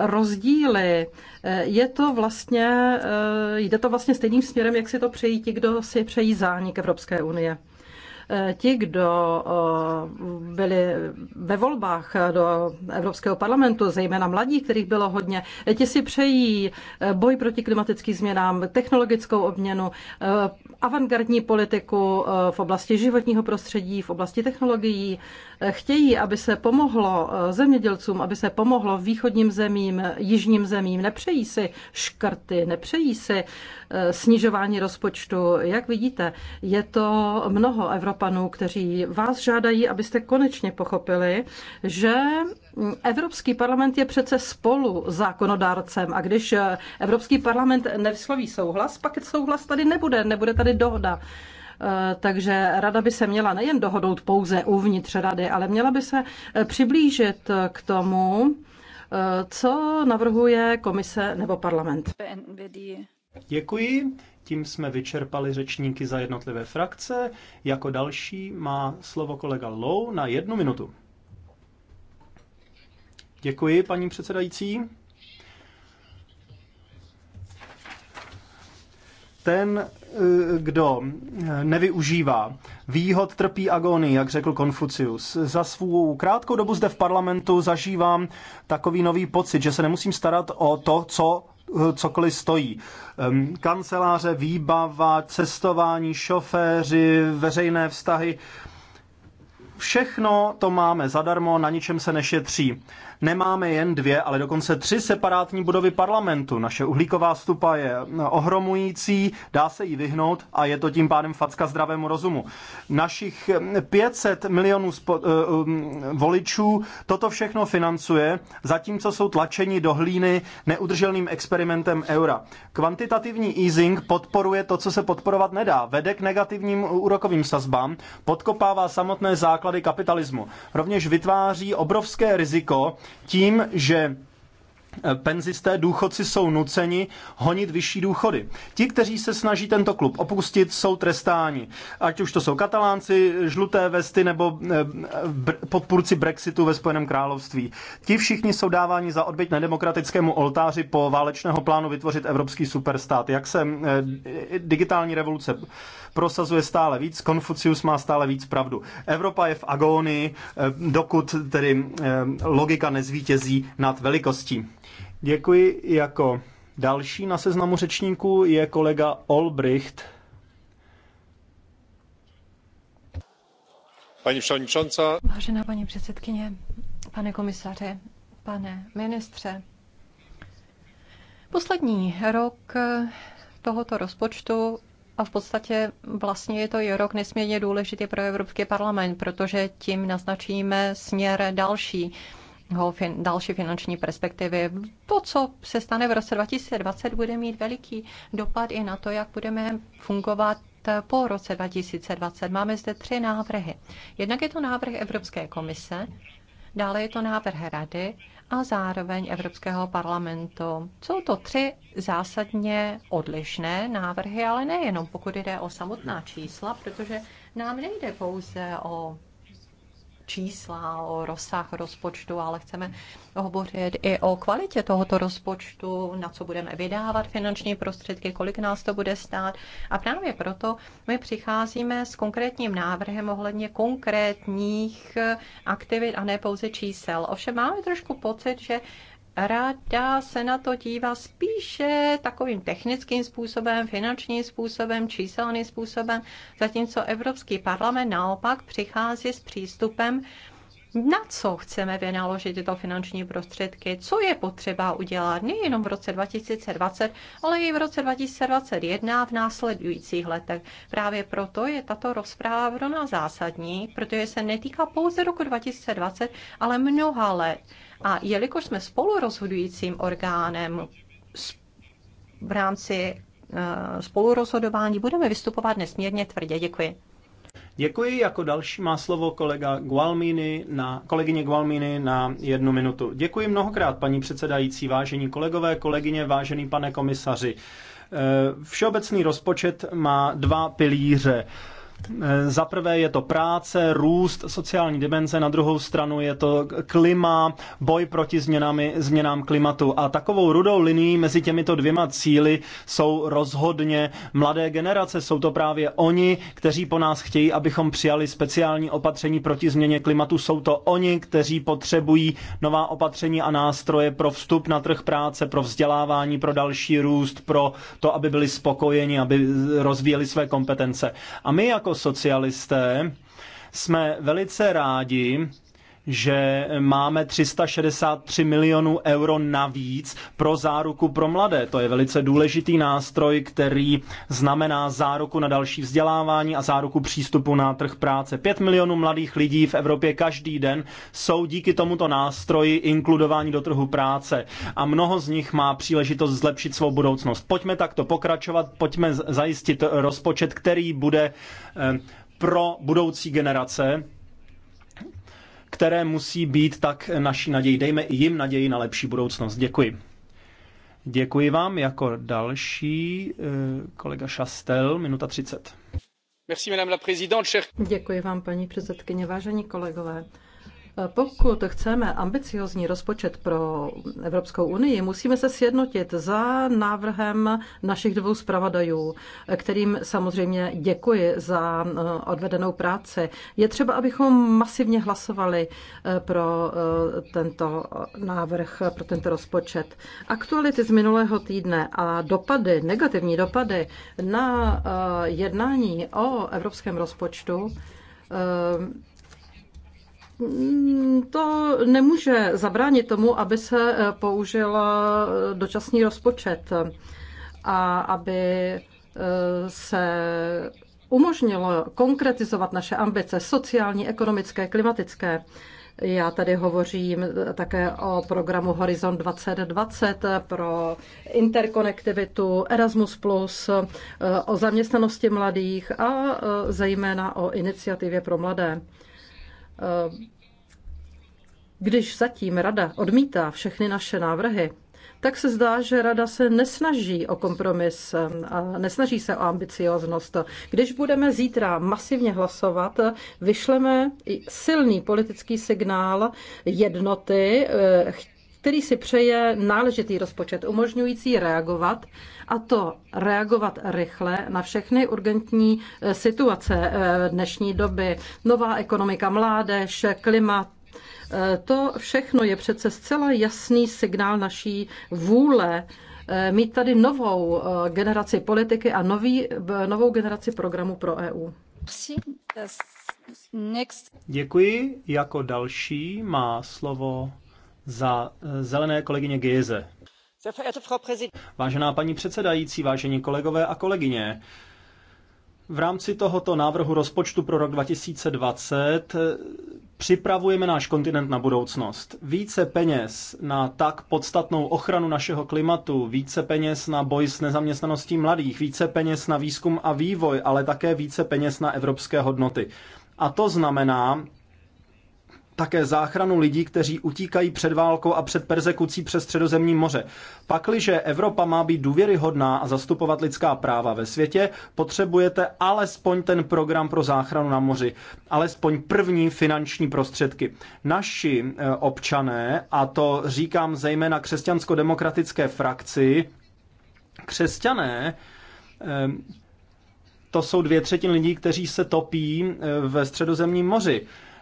rozdíly. Eh, je to vlastně, eh, jde to vlastně stejným směrem, jak si to přejí ti, kdo si přejí zánik Evropské unie. Eh, ti, kdo eh, byli ve volbách eh, do Evropského parlamentu, zejména mladí, kterých bylo hodně, ti si přejí boj proti klimatickým změnám, technologickou obměnu, avantgardní politiku v oblasti životního prostředí, v oblasti technologií. Chtějí, aby se pomohlo zemědělcům, aby se pomohlo východním zemím, jižním zemím. Nepřejí si škrty, nepřejí si uh, Eh, snižování rozpočtu. Jak vidíte, je to mnoho Evropanů, kteří vás žádají, abyste konečně pochopili, že Evropský parlament je přece spolu zákonodárcem a když eh, Evropský parlament nevysloví souhlas, pak souhlas tady nebude, nebude tady dohoda eh, takže rada by se měla nejen dohodnout pouze uvnitř rady, ale měla by se přiblížit k tomu, co navrhuje komise nebo parlament. Děkuji. Tím jsme vyčerpali řečníky za jednotlivé frakce. Jako další má slovo kolega Lou na jednu minutu. Děkuji, paní předsedající. ten, eh, kdo eh, nevyužívá výhod, trpí agonii, jak řekl Konfucius. Za svou krátkou dobu zde v parlamentu zažívám takový nový pocit, že se nemusím starat o to, co cokoliv stojí. Kanceláře, výbava, cestování, šoféři, veřejné vztahy. Všechno to máme zadarmo, na ničem se nešetří nemáme jen dvě, ale dokonce tři separátní budovy parlamentu. Naše uhlíková stupa je no, ohromující, dá se jí vyhnout a je to tím pádem facka zdravému rozumu. Našich 500 hm, milionů spo- eh, hm, voličů toto všechno financuje, zatímco jsou tlačeni do hlíny neudrželným experimentem eura. Kvantitativní easing podporuje to, co se podporovat nedá. Vede k negativním úrokovým sazbám, podkopává samotné základy kapitalismu. Rovněž vytváří obrovské riziko, tím, že penzisté, důchodci jsou nuceni honit vyšší důchody. Ti, kteří se snaží tento klub opustit, jsou trestáni. Ať už to jsou katalánci, žluté vesty nebo eh, podpůrci Brexitu ve Spojeném království. Ti všichni jsou dáváni za odbyt nedemokratickému oltáři po válečného plánu vytvořit evropský superstát. Jak se eh, digitální revoluce prosazuje stále víc, Konfucius má stále víc pravdu. Evropa je v agónii, eh, dokud tedy logika nezvítězí nad velikostí. Děkuji jako další na seznamu řečníků je kolega Olbricht. Paní předsedající. Vážená paní předsedkyně, pane komisaře, pane ministře, poslední rok tohoto rozpočtu a v podstatě vlastně je to i rok nesmírně důležitý pro Evropský parlament, protože tím naznačíme směr další další finanční perspektivy. To, co se stane v roce 2020, bude mít veliký dopad i na to, jak budeme fungovat po roce 2020. Máme zde tři návrhy. Jednak je to návrh Evropské komise, dále je to návrh Rady a zároveň Evropského parlamentu. Jsou to tři zásadně odlišné návrhy, ale nejenom pokud jde o samotná čísla, protože nám nejde pouze o čísla, o rozsah rozpočtu, ale chceme hovořit i o kvalitě tohoto rozpočtu, na co budeme vydávat finanční prostředky, kolik nás to bude stát. A právě proto my přicházíme s konkrétním návrhem ohledně konkrétních aktivit a ne pouze čísel. Ovšem máme trošku pocit, že ráda se na to dívá spíše takovým technickým způsobem, finančním způsobem, číselným způsobem, zatímco Evropský parlament naopak přichází s přístupem, na co chceme vynaložit tyto finanční prostředky, co je potřeba udělat nejenom v roce 2020, ale i v roce 2021 v následujících letech. Právě proto je tato rozpráva pro nás zásadní, protože se netýká pouze roku 2020, ale mnoha let. A jelikož jsme spolurozhodujícím orgánem v rámci eh, spolurozhodování, budeme vystupovat nesmírně tvrdě. Děkuji. Děkuji. Jako další má slovo kolega Gualmini na, kolegyně Gualmini na jednu minutu. Děkuji mnohokrát, paní předsedající, vážení kolegové, kolegyně, vážený pane komisaři. Eh, všeobecný rozpočet má dva pilíře Eh, za prvé je to práce, růst, sociální dimenze, na druhou stranu je to klima, boj proti změnami, změnám klimatu. A takovou rudou linií mezi těmito dvěma cíly jsou rozhodně mladé generace. Jsou to právě oni, kteří po nás chtějí, abychom přijali speciální opatření proti změně klimatu. Jsou to oni, kteří potřebují nová opatření a nástroje pro vstup na trh práce, pro vzdělávání, pro další růst, pro to, aby byli spokojeni, aby rozvíjeli své kompetence. A my jako jako socialisté jsme velice rádi, že máme 363 milionů euro navíc pro záruku pro mladé. To je velice důležitý nástroj, který znamená záruku na další vzdělávání a záruku přístupu na trh práce. 5 milionů mladých lidí v Evropě každý den jsou díky tomuto nástroji inkludováni do trhu práce a mnoho z nich má příležitost zlepšit svou budoucnost. Pojďme takto pokračovat, pojďme zajistit rozpočet, který bude eh, pro budoucí generace které musí být tak naší naději. Dejme i jim naději na lepší budoucnost. Děkuji. Děkuji vám. Jako další eh, kolega Šastel, minuta 30. Děkuji vám, paní předsedkyně, vážení kolegové. Pokud chceme ambiciozní rozpočet pro Evropskou unii, musíme se sjednotit za návrhem našich dvou zpravodajů, kterým samozřejmě děkuji za eh, odvedenou práci. Je třeba, abychom masivně hlasovali eh, pro eh, tento návrh, pro tento rozpočet. Aktuality z minulého týdne a dopady, negativní dopady na jednání o evropském rozpočtu Mm, to nemůže zabránit tomu, aby se eh, použil eh, dočasný rozpočet a aby eh, se umožnilo konkretizovat naše ambice sociální, ekonomické, klimatické. Já tady hovořím také o programu Horizon 2020 pro interkonektivitu Erasmus+, o zaměstnanosti mladých a zejména o iniciativě pro mladé. Eh, když zatím Rada odmítá všechny naše návrhy, tak se zdá, že Rada se nesnaží o kompromis eh, a nesnaží se o ambicioznost. Když budeme zítra masivně hlasovat, vyšleme silný politický signál jednoty, eh, který si přeje náležitý rozpočet, umožňující reagovat, a to reagovat rychle na všechny urgentní eh, situace eh, dnešní doby. Nová ekonomika, mládež, klimat, eh, to všechno je přece zcela jasný signál naší vůle mít tady novou generaci politiky a nový, novou generaci programu pro EU. Děkuji. Jako další má slovo za eh, zelené kolegyně Gieze. Vážená paní předsedající, vážení kolegové a kolegyně, v rámci tohoto návrhu rozpočtu pro rok 2020 eh, připravujeme náš kontinent na budoucnost. Více peněz na tak podstatnou ochranu našeho klimatu, více peněz na boj s nezaměstnaností mladých, více peněz na výzkum a vývoj, ale také více peněz na evropské hodnoty. A to znamená také záchranu lidí, kteří utíkají před válkou a před persekucí přes středozemní moře. Pakliže Evropa má být důvěryhodná a zastupovat lidská práva ve světě, potřebujete alespoň ten program pro záchranu na moři, alespoň první finanční prostředky. Naši eh, občané, a to říkám zejména křesťansko-demokratické frakci, křesťané, eh, to jsou dvě třetiny lidí, kteří se topí eh, ve středozemním moři.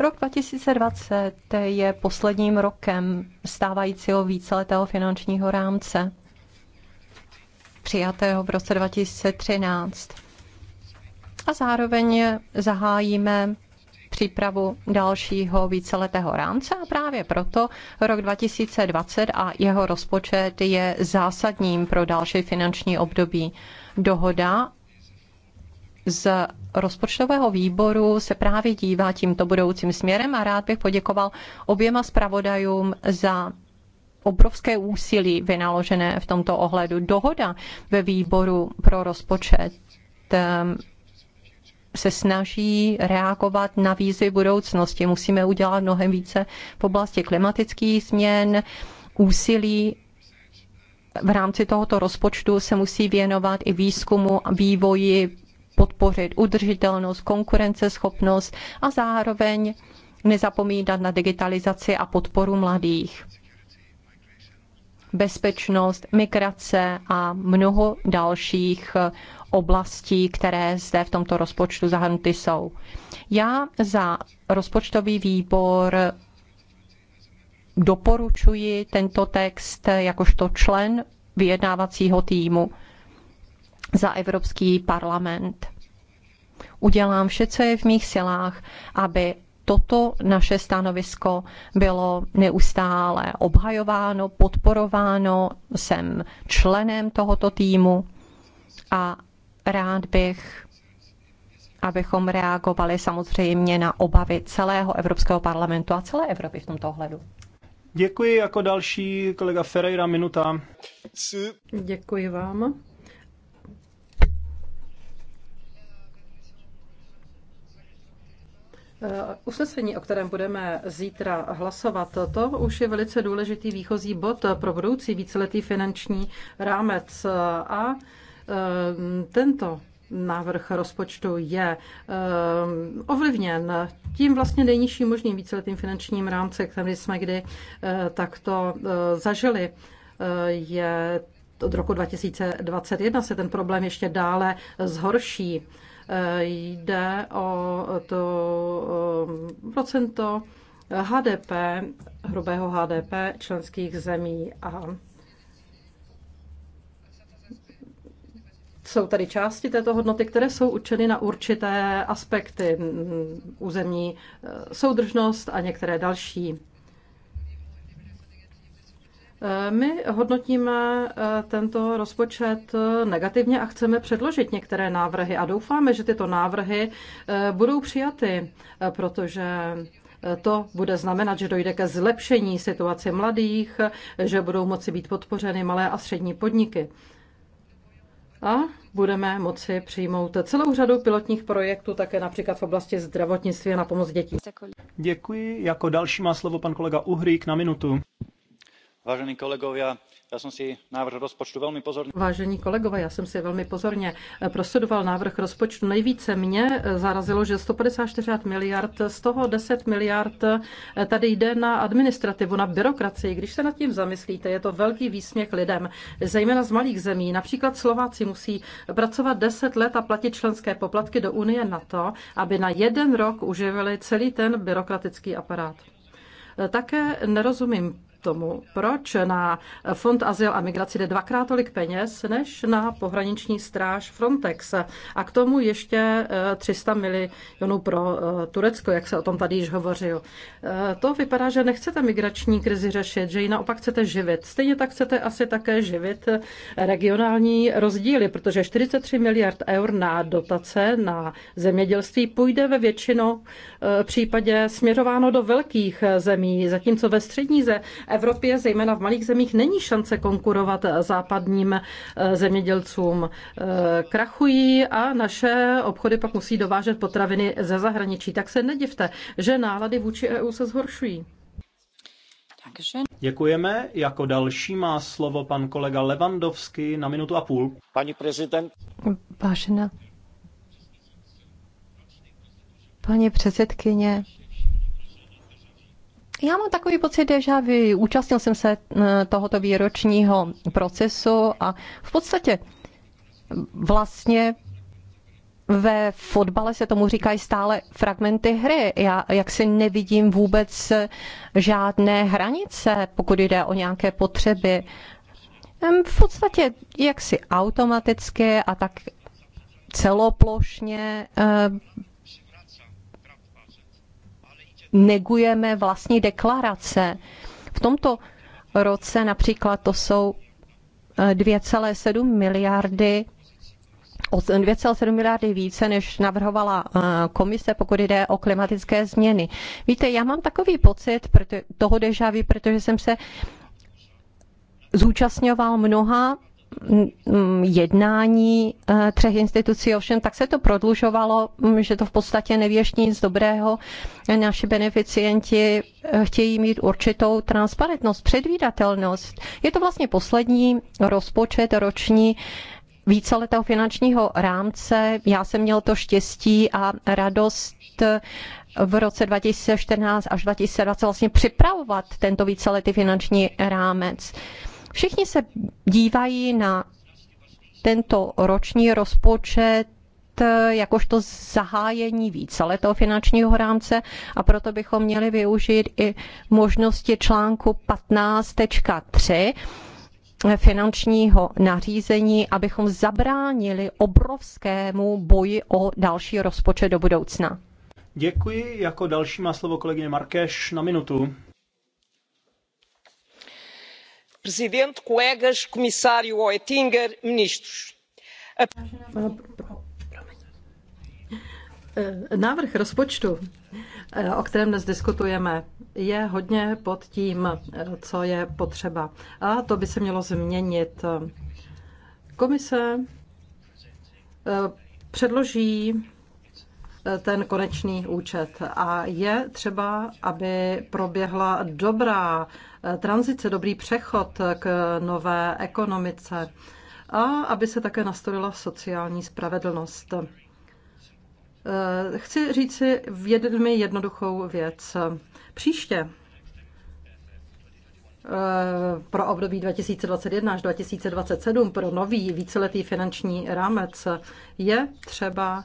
Rok 2020 je posledním rokem stávajícího víceletého finančního rámce, přijatého v roce 2013. A zároveň zahájíme přípravu dalšího víceletého rámce a právě proto rok 2020 a jeho rozpočet je zásadním pro další finanční období. Dohoda z rozpočtového výboru se právě dívá tímto budoucím směrem a rád bych poděkoval oběma zpravodajům za obrovské úsilí vynaložené v tomto ohledu. Dohoda ve výboru pro rozpočet ehm, se snaží reagovat na výzvy budoucnosti. Musíme udělat mnohem více v oblasti klimatických změn, úsilí v rámci tohoto rozpočtu se musí věnovat i výzkumu, vývoji, podpořit udržitelnost, konkurenceschopnost a zároveň nezapomínat na digitalizaci a podporu mladých bezpečnost, migrace a mnoho dalších eh, oblastí, které zde v tomto rozpočtu zahrnuty jsou. Já za rozpočtový výbor doporučuji tento text jakožto člen vyjednávacího týmu za Evropský parlament. Udělám vše, co je v mých silách, aby toto naše stanovisko bylo neustále obhajováno, podporováno. Jsem členem tohoto týmu a rád bych, abychom reagovali samozřejmě na obavy celého Evropského parlamentu a celé Evropy v tomto ohledu. Děkuji jako další kolega Ferreira Minuta. Děkuji vám. Eh, usnesení, o kterém budeme zítra hlasovat, to už je velice důležitý výchozí bod pro budoucí víceletý finanční rámec a eh, tento návrh rozpočtu je eh, ovlivněn tím vlastně nejnižším možným víceletým finančním rámcem, který jsme kdy takto zažili. Je od roku 2021 se ten problém ještě dále zhorší. Jde o to procento HDP, hrubého HDP členských zemí a Jsou tady části této hodnoty, které jsou určeny na určité aspekty, územní e, soudržnost a některé další. Eh, my hodnotíme eh, tento rozpočet eh, negativně a chceme předložit některé návrhy a doufáme, že tyto návrhy budou přijaty, protože to bude znamenat, že dojde ke zlepšení situace mladých, že budou moci být podpořeny malé a střední podniky. A budeme moci přijmout celou řadu pilotních projektů, také například v oblasti zdravotnictví a na pomoc dětí. Děkuji. Jako další má slovo pan kolega Uhrík na minutu. Vážení kolegovia, já jsem si návrh rozpočtu velmi pozorně... Vážení kolegové, já jsem si velmi pozorně eh, prostudoval návrh rozpočtu. Nejvíce mě eh, zarazilo, že 154 miliard, z toho 10 miliard eh, tady jde na administrativu, na byrokracii. Když se nad tím zamyslíte, je to velký výsměch lidem, zejména z malých zemí. Například Slováci musí pracovat 10 let a platit členské poplatky do Unie na to, aby na jeden rok uživili celý ten byrokratický aparát. Také nerozumím tomu, proč na Fond azyl a migraci jde dvakrát tolik peněz, než na pohraniční stráž Frontex. A k tomu ještě 300 eh, milionů pro eh, Turecko, jak se o tom tady již hovořil. Eh, to vypadá, že nechcete migrační krizi řešit, že ji naopak chcete živit. Stejně tak chcete asi také živit regionální rozdíly, protože 43 miliard eur na dotace na zemědělství půjde ve většinou případě směřováno do velkých zemí, zatímco ve střední Evropě, zejména v malých zemích, není šance konkurovat západním eh, zemědělcům. Eh, krachují a naše obchody pak musí dovážet potraviny ze zahraničí. Tak se nedivte, že nálady vůči EU se zhoršují. Děkujeme. Jako další má slovo pan kolega Levandovský na minutu a půl. Paní prezident. Vážená Paní předsedkyně, já mám takový pocit deja vu. Účastnil jsem se eh, tohoto výročního procesu a v podstatě vlastně ve fotbale se tomu říkají stále fragmenty hry. Já jak si nevidím vůbec žádné hranice, pokud jde o nějaké potřeby. V podstatě jaksi automaticky a tak celoplošně eh, negujeme vlastní deklarace. V tomto roce například to jsou 2,7 eh, miliardy 2,7 miliardy více, než navrhovala eh, komise, pokud jde o klimatické změny. Víte, já mám takový pocit toho dežavy, protože jsem se zúčastňoval mnoha jednání eh, třech institucí, ovšem tak se to prodlužovalo, mm, že to v podstatě nevěš nic dobrého. Naši beneficienti eh, chtějí mít určitou transparentnost, předvídatelnost. Je to vlastně poslední rozpočet roční víceletého finančního rámce. Já jsem měl to štěstí a radost eh, v roce 2014 až 2020 vlastně připravovat tento víceletý finanční rámec. Všichni se dívají na tento roční rozpočet eh, jakožto zahájení víceletého finančního rámce a proto bychom měli využít i možnosti článku 15.3 eh, finančního nařízení, abychom zabránili obrovskému boji o další rozpočet do budoucna. Děkuji. Jako další má slovo kolegyně Markéš na minutu. Oettinger, eh, Návrh rozpočtu, eh, o kterém dnes diskutujeme, je hodně pod tím, eh, co je potřeba. A to by se mělo změnit. Komise předloží ten konečný účet. A je třeba, aby proběhla dobrá eh, tranzice, dobrý přechod k nové ekonomice a aby se také nastolila sociální spravedlnost. Eh, chci říci velmi jednoduchou věc. Příště eh, pro období 2021 až 2027 pro nový víceletý finanční rámec je třeba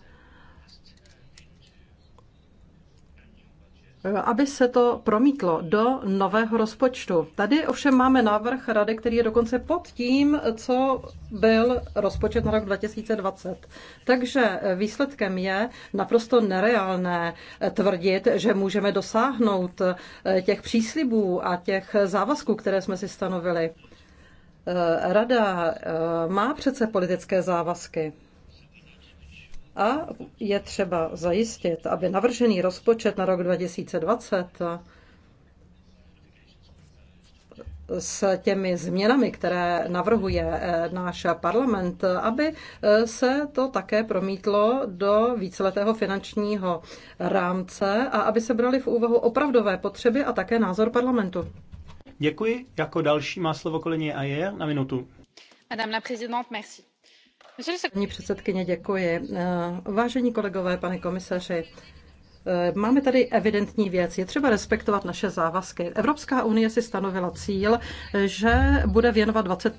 aby se to promítlo do nového rozpočtu. Tady ovšem máme návrh rady, který je dokonce pod tím, co byl rozpočet na rok 2020. Takže výsledkem je naprosto nereálné tvrdit, že můžeme dosáhnout eh, těch příslibů a těch závazků, které jsme si stanovili. Eh, Rada eh, má přece politické závazky. A je třeba zajistit, aby navržený rozpočet na rok 2020 s těmi změnami, které navrhuje eh, náš parlament, aby eh, se to také promítlo do víceletého finančního rámce a aby se brali v úvahu opravdové potřeby a také názor parlamentu. Děkuji. Jako další má slovo kolegyně Ayer na minutu. Madame la présidente, merci. Paní předsedkyně, děkuji. Eh, vážení kolegové, pane komisaři, Eh, máme tady evidentní věc. Je třeba respektovat naše závazky. Evropská unie si stanovila cíl, eh, že bude věnovat 20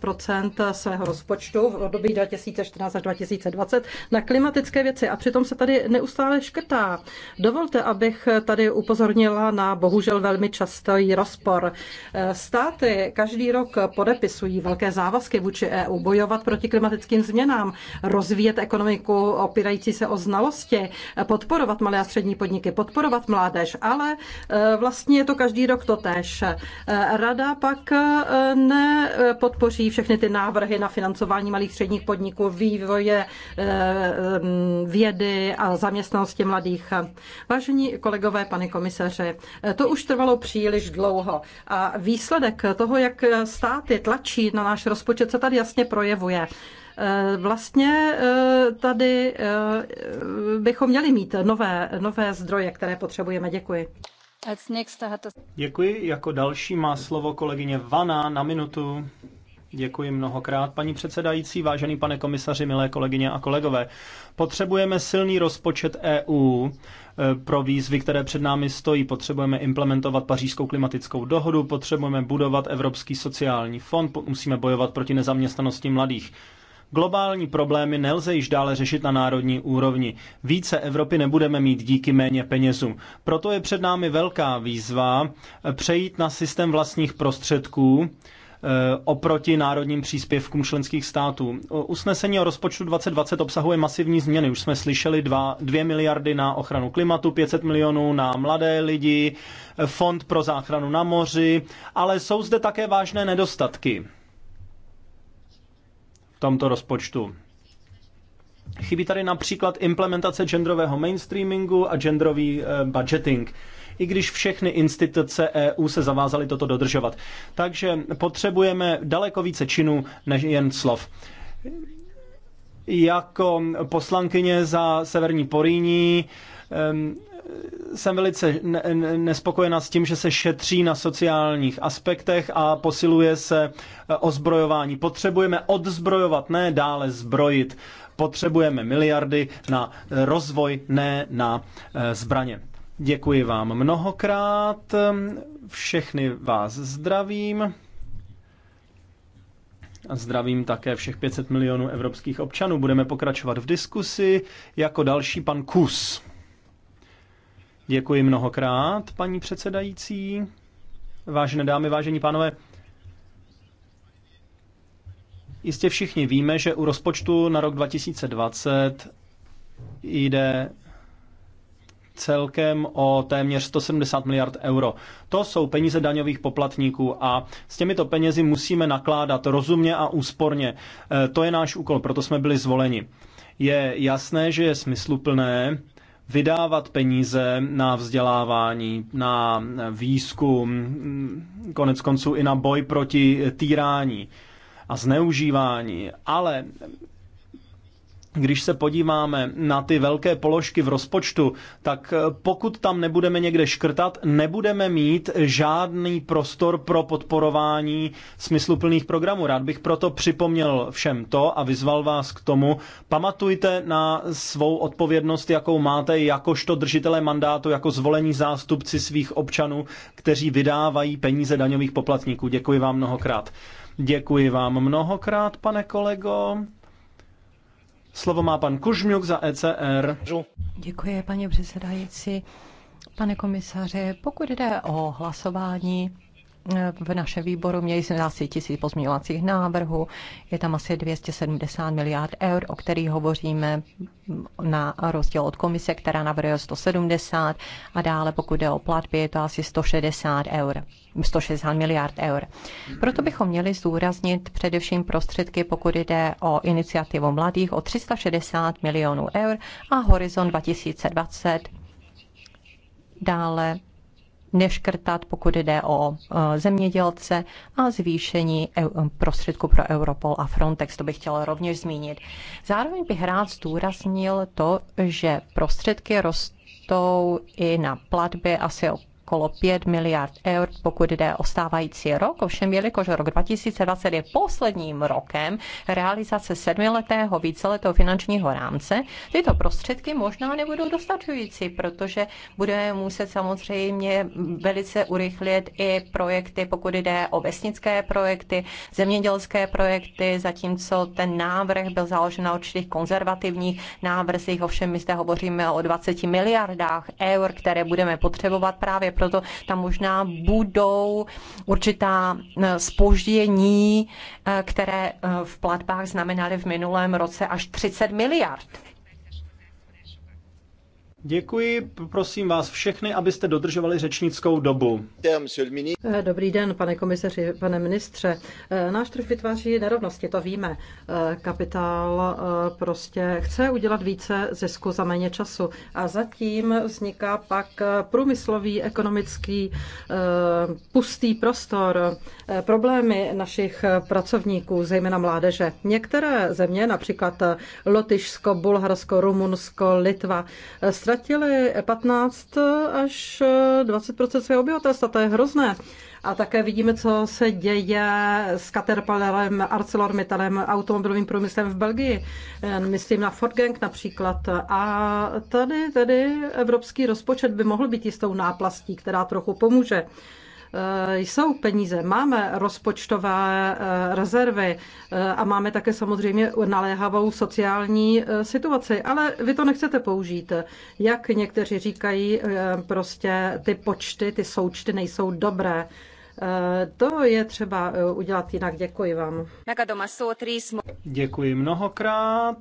svého rozpočtu v období 2014 až 2020 na klimatické věci a přitom se tady neustále škrtá. Dovolte, abych tady upozornila na bohužel velmi častý rozpor. Eh, státy každý rok podepisují velké závazky vůči EU, bojovat proti klimatickým změnám, rozvíjet ekonomiku opírající se o znalosti, podporovat malé a střední podniky podniky, podporovat mládež, ale eh, vlastně je to každý rok tež. Eh, rada pak eh, nepodpoří všechny ty návrhy na financování malých středních podniků, vývoje vědy a zaměstnanosti mladých. Vážení kolegové, pane komisaři, to už trvalo příliš dlouho a výsledek toho, jak státy tlačí na náš rozpočet, se tady jasně projevuje. Eh, vlastně eh, tady eh, bychom měli mít nové, nové zdroje, které potřebujeme. Děkuji. Děkuji. Jako další má slovo kolegyně Vana na minutu. Děkuji mnohokrát, paní předsedající, vážený pane komisaři, milé kolegyně a kolegové. Potřebujeme silný rozpočet EU pro výzvy, které před námi stojí. Potřebujeme implementovat pařížskou klimatickou dohodu, potřebujeme budovat Evropský sociální fond, musíme bojovat proti nezaměstnanosti mladých. Globální problémy nelze již dále řešit na národní úrovni. Více Evropy nebudeme mít díky méně penězům. Proto je před námi velká výzva eh, přejít na systém vlastních prostředků, eh, oproti národním příspěvkům členských států. Usnesení o rozpočtu 2020 obsahuje masivní změny. Už jsme slyšeli 2 miliardy na ochranu klimatu, 500 milionů na mladé lidi, eh, fond pro záchranu na moři, ale jsou zde také vážné nedostatky tomto rozpočtu. Chybí tady například implementace genderového mainstreamingu a genderový eh, budgeting i když všechny instituce EU se zavázaly toto dodržovat. Takže potřebujeme daleko více činů než jen slov. Jako poslankyně za Severní Poríní jsem velice nespokojená s tím, že se šetří na sociálních aspektech a posiluje se eh, ozbrojování. Potřebujeme odzbrojovat, ne dále zbrojit. Potřebujeme miliardy na eh, rozvoj, ne na eh, zbraně. Děkuji vám mnohokrát, všechny vás zdravím. A zdravím také všech 500 milionů evropských občanů. Budeme pokračovat v diskusi. Jako další pan Kus. Děkuji mnohokrát, paní předsedající. Vážené dámy, vážení pánové, jistě všichni víme, že u rozpočtu na rok 2020 jde celkem o téměř 170 miliard euro. To jsou peníze daňových poplatníků a s těmito penězi musíme nakládat rozumně a úsporně. E, to je náš úkol, proto jsme byli zvoleni. Je jasné, že je smysluplné vydávat peníze na vzdělávání, na výzkum, konec konců i na boj proti týrání a zneužívání. Ale když se podíváme na ty velké položky v rozpočtu, tak eh, pokud tam nebudeme někde škrtat, nebudeme mít žádný prostor pro podporování smysluplných programů. Rád bych proto připomněl všem to a vyzval vás k tomu. Pamatujte na svou odpovědnost, jakou máte jakožto držitele mandátu, jako zvolení zástupci svých občanů, kteří vydávají peníze daňových poplatníků. Děkuji vám mnohokrát. Děkuji vám mnohokrát, pane kolego. Slovo má pan Kužmiuk za ECR. Děkuji, paní předsedající. Pane komisaře, pokud jde o hlasování v našem výboru měli jsme asi tisíc pozměňovacích návrhů, je tam asi 270 miliard eur, o kterých hovoříme na rozdíl od komise, která navrhuje 170 a dále pokud jde o platby, je to asi 160 eur. 160 miliard eur. Proto bychom měli zdůraznit především prostředky, pokud jde o iniciativu mladých, o 360 milionů eur a Horizon 2020 dále neškrtat, pokud jde o e, zemědělce a zvýšení e, prostředku pro Europol a Frontex. To bych chtěla rovněž zmínit. Zároveň bych rád zdůraznil to, že prostředky rostou i na platby asi o kolo 5 miliard eur, pokud jde o stávající rok. Ovšem, jelikož rok 2020 je posledním rokem realizace sedmiletého víceletého finančního rámce, tyto prostředky možná nebudou dostačující, protože budeme muset samozřejmě velice urychlit i projekty, pokud jde o vesnické projekty, zemědělské projekty, zatímco ten návrh byl založen na určitých konzervativních návrzích, ovšem my zde hovoříme o 20 miliardách eur, které budeme potřebovat právě proto tam možná budou určitá spoždění, eh, eh, které eh, v platbách znamenaly v minulém roce až 30 miliard. Děkuji, prosím vás všechny, abyste dodržovali řečnickou dobu. Dobrý den, pane komisaři, pane ministře. Náš trh vytváří nerovnosti, to víme. Kapitál eh, prostě chce udělat více zisku za méně času a zatím vzniká pak průmyslový, ekonomický eh, pustý prostor, eh, problémy našich pracovníků, zejména mládeže. Některé země, například Lotyšsko, Bulharsko, Rumunsko, Litva, utratili 15 až 20 svého obyvatelstva. To je hrozné. A také vidíme, co se děje s Caterpillarem, ArcelorMittalem, automobilovým průmyslem v Belgii. Myslím na Gang například. A tady, tady evropský rozpočet by mohl být jistou náplastí, která trochu pomůže. Eh, jsou peníze, máme rozpočtové eh, rezervy eh, a máme také samozřejmě naléhavou sociální situaci, ale vy to nechcete použít. Jak někteří říkají, prostě ty počty, ty součty nejsou dobré. To je třeba udělat jinak. Děkuji vám. Děkuji mnohokrát.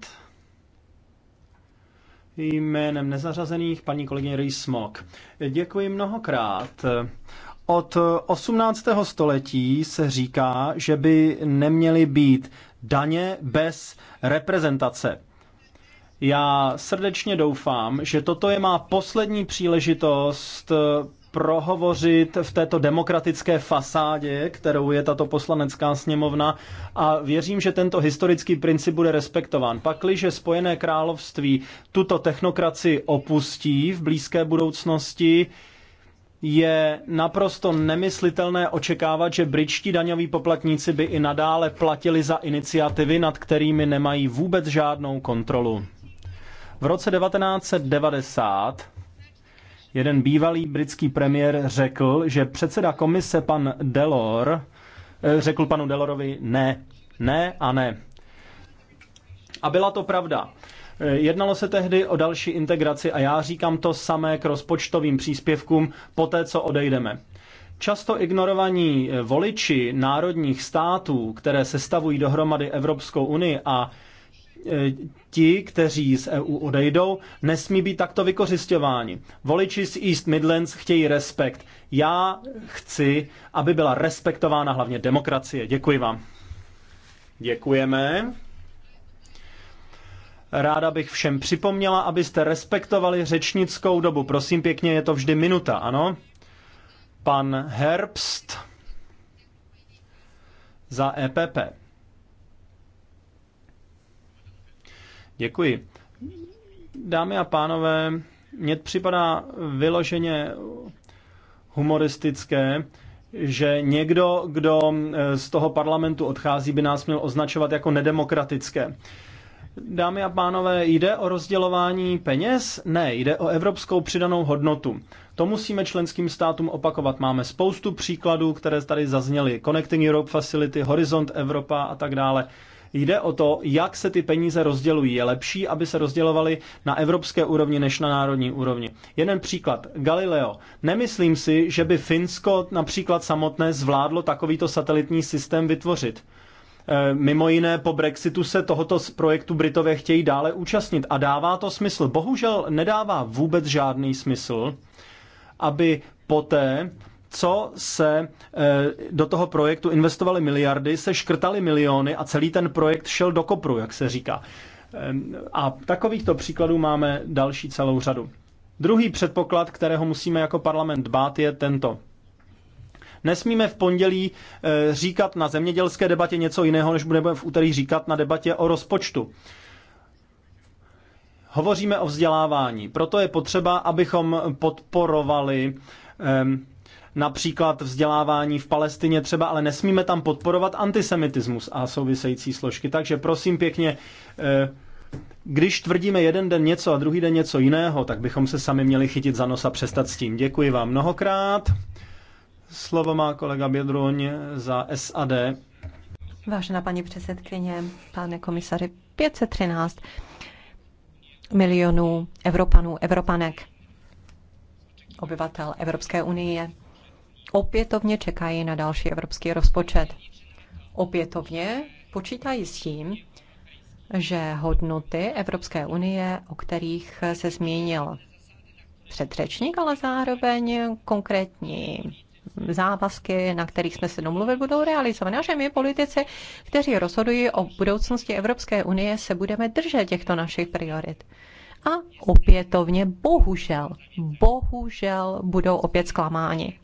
Jménem nezařazených paní kolegyně Rýsmok. Děkuji mnohokrát. Od 18. století se říká, že by neměly být daně bez reprezentace. Já srdečně doufám, že toto je má poslední příležitost eh, prohovořit v této demokratické fasádě, kterou je tato poslanecká sněmovna a věřím, že tento historický princip bude respektován. Pakliže Spojené království tuto technokraci opustí v blízké budoucnosti, je naprosto nemyslitelné očekávat, že britští daňoví poplatníci by i nadále platili za iniciativy, nad kterými nemají vůbec žádnou kontrolu. V roce 1990 jeden bývalý britský premiér řekl, že předseda komise pan Delor eh, řekl panu Delorovi ne, ne a ne. A byla to pravda. Eh, jednalo se tehdy o další integraci a já říkám to samé k rozpočtovým příspěvkům po té, co odejdeme. Často ignorovaní eh, voliči národních států, které sestavují dohromady Evropskou unii a eh, ti, kteří z EU odejdou, nesmí být takto vykořišťováni. Voliči z East Midlands chtějí respekt. Já chci, aby byla respektována hlavně demokracie. Děkuji vám. Děkujeme. Ráda bych všem připomněla, abyste respektovali řečnickou dobu. Prosím pěkně, je to vždy minuta, ano? Pan Herbst za EPP. Děkuji. Dámy a pánové, mně připadá vyloženě humoristické, že někdo, kdo z toho parlamentu odchází, by nás měl označovat jako nedemokratické. Dámy a pánové, jde o rozdělování peněz? Ne, jde o evropskou přidanou hodnotu. To musíme členským státům opakovat. Máme spoustu příkladů, které tady zazněly. Connecting Europe Facility, Horizont Evropa a tak dále. Jde o to, jak se ty peníze rozdělují. Je lepší, aby se rozdělovaly na evropské úrovni než na národní úrovni. Jeden příklad. Galileo. Nemyslím si, že by Finsko například samotné zvládlo takovýto satelitní systém vytvořit. Eh, mimo jiné, po Brexitu se tohoto projektu Britové chtějí dále účastnit a dává to smysl. Bohužel nedává vůbec žádný smysl, aby poté, co se eh, do toho projektu investovaly miliardy, se škrtaly miliony a celý ten projekt šel do kopru, jak se říká. Eh, a takovýchto příkladů máme další celou řadu. Druhý předpoklad, kterého musíme jako parlament dbát, je tento. Nesmíme v pondělí eh, říkat na zemědělské debatě něco jiného, než budeme v úterý říkat na debatě o rozpočtu. Hovoříme o vzdělávání, proto je potřeba, abychom podporovali ehm, například vzdělávání v Palestině třeba, ale nesmíme tam podporovat antisemitismus a související složky. Takže prosím pěkně, eh, když tvrdíme jeden den něco a druhý den něco jiného, tak bychom se sami měli chytit za nos a přestat s tím. Děkuji vám mnohokrát. Slovo má kolega Bědroň za SAD. Vážená paní předsedkyně, pane komisaři, 513 milionů Evropanů, Evropanek, obyvatel Evropské unie, opětovně čekají na další evropský rozpočet. Opětovně počítají s tím, že hodnoty Evropské unie, o kterých se zmínil předřečník, ale zároveň konkrétní závazky, na kterých jsme se domluvili, budou realizovány. A že my politici, kteří rozhodují o budoucnosti Evropské unie, se budeme držet těchto našich priorit. A opětovně, bohužel, bohužel budou opět zklamáni.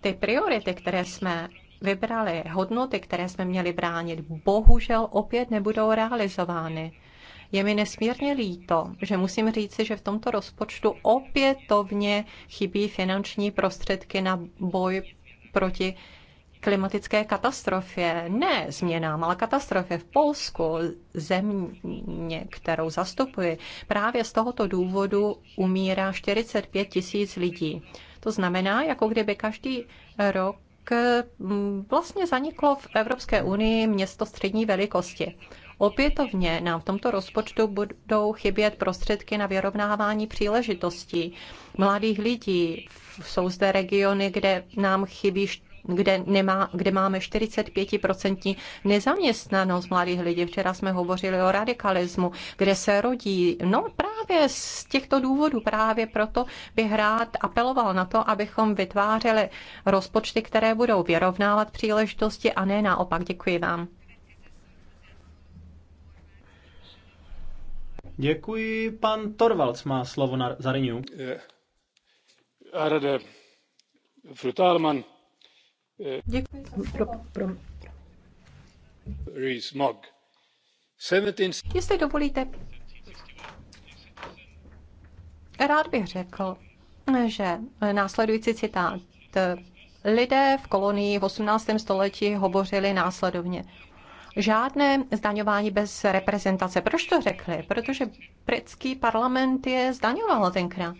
Ty priority, které jsme vybrali, hodnoty, které jsme měli bránit, bohužel opět nebudou realizovány. Je mi nesmírně líto, že musím říci, že v tomto rozpočtu opětovně chybí finanční prostředky na boj proti klimatické katastrofě, ne změnám, ale katastrofě v Polsku, země, kterou zastupuji, právě z tohoto důvodu umírá 45 tisíc lidí. To znamená, jako kdyby každý rok mm, vlastně zaniklo v Evropské unii město střední velikosti. Opětovně nám v tomto rozpočtu budou chybět prostředky na vyrovnávání příležitostí mladých lidí. Jsou zde regiony, kde nám chybí kde, nemá, kde máme 45% nezaměstnanost mladých lidí. Včera jsme hovořili o radikalismu, kde se rodí. No právě z těchto důvodů, právě proto bych rád apeloval na to, abychom vytvářeli rozpočty, které budou vyrovnávat příležitosti a ne naopak. Děkuji vám. Děkuji. Pan Torvalds má slovo na Zariňu. Ärade Frutalman. Děkuji. Pro, pro. rees Jestli dovolíte, rád bych řekl, že následující citát. Lidé v kolonii v 18. století hovořili následovně žádné zdaňování bez reprezentace. Proč to řekli? Protože britský parlament je zdaňoval tenkrát.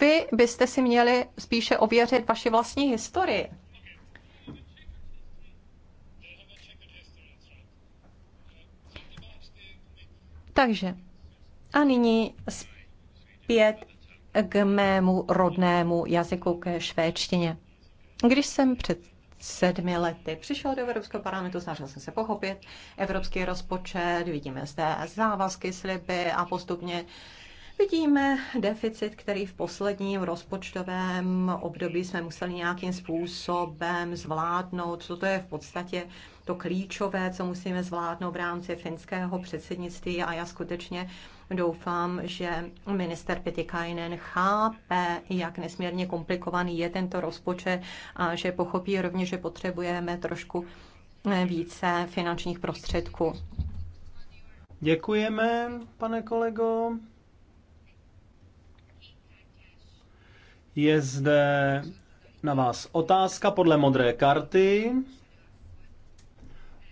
Vy byste si měli spíše ověřit vaši vlastní historii. Takže a nyní zpět k mému rodnému jazyku, ke švédštině. Když jsem před sedmi lety. Přišel do Evropského parlamentu, snažil jsem se pochopit evropský rozpočet, vidíme zde závazky, sliby a postupně Vidíme deficit, který v posledním rozpočtovém období jsme museli nějakým způsobem zvládnout. To je v podstatě to klíčové, co musíme zvládnout v rámci finského předsednictví a já skutečně doufám, že minister Petikainen chápe, jak nesmírně komplikovaný je tento rozpočet a že pochopí rovněž, že potřebujeme trošku více finančních prostředků. Děkujeme, pane kolego. Je zde na vás otázka podle modré karty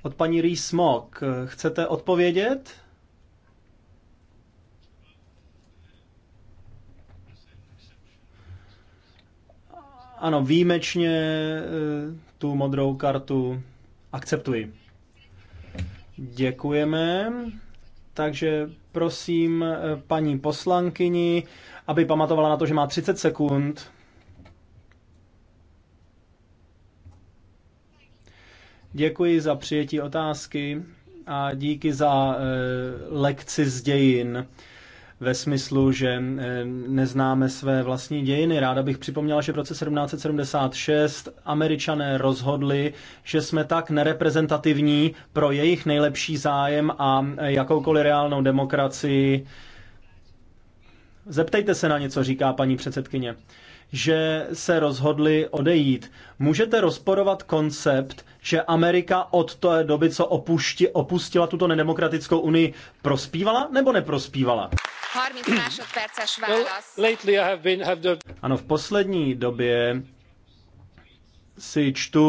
od paní rýsmok. Chcete odpovědět? Ano, výjimečně eh, tu modrou kartu akceptuji. Děkujeme. Takže prosím eh, paní poslankyni, aby pamatovala na to, že má 30 sekund. Děkuji za přijetí otázky a díky za eh, lekci z dějin ve smyslu, že eh, neznáme své vlastní dějiny. Ráda bych připomněla, že v roce 1776 američané rozhodli, že jsme tak nereprezentativní pro jejich nejlepší zájem a eh, jakoukoliv reálnou demokracii. Zeptejte se na něco, říká paní předsedkyně že se rozhodli odejít. Můžete rozporovat koncept, že Amerika od té doby, co opušti, opustila tuto nedemokratickou unii, prospívala nebo neprospívala? Ano, v poslední době si čtu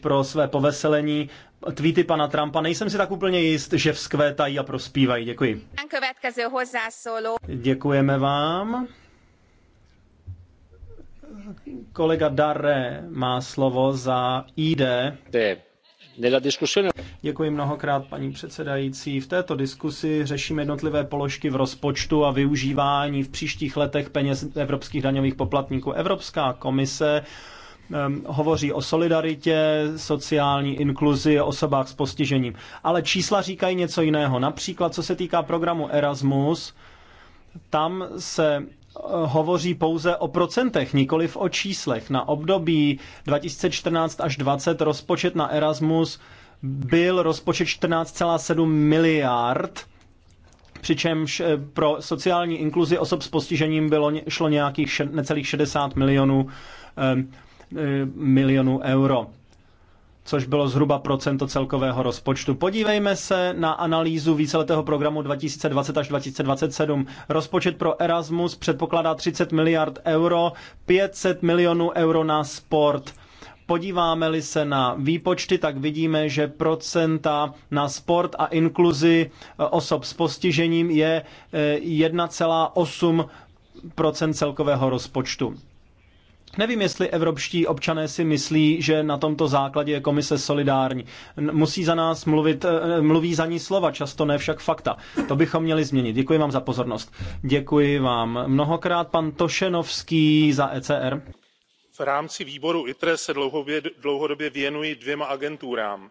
pro své poveselení tweety pana Trumpa. Nejsem si tak úplně jist, že vzkvétají a prospívají. Děkuji. Děkujeme vám. Kolega Darre má slovo za ID. Děkuji mnohokrát, paní předsedající. V této diskusi řešíme jednotlivé položky v rozpočtu a využívání v příštích letech peněz evropských daňových poplatníků. Evropská komise ehm, hovoří o solidaritě, sociální inkluzi, osobách s postižením. Ale čísla říkají něco jiného. Například, co se týká programu Erasmus, tam se hovoří pouze o procentech, nikoli o číslech. Na období 2014 až 20 rozpočet na Erasmus byl rozpočet 14,7 miliard, přičemž eh, pro sociální inkluzi osob s postižením bylo, šlo nějakých necelých 60 milionů, eh, eh, milionů euro což bylo zhruba procento celkového rozpočtu. Podívejme se na analýzu víceletého programu 2020 až 2027. Rozpočet pro Erasmus předpokládá 30 miliard euro, 500 milionů euro na sport. Podíváme-li se na výpočty, tak vidíme, že procenta na sport a inkluzi e, osob s postižením je 1,8 e, celkového rozpočtu. Nevím, jestli evropští občané si myslí, že na tomto základě je komise solidární. Musí za nás mluvit, eh, mluví za ní slova, často ne však fakta. To bychom měli změnit. Děkuji vám za pozornost. Děkuji vám mnohokrát, pan Tošenovský za ECR. V rámci výboru ITRE se dlouhodobě věnuji dvěma agenturám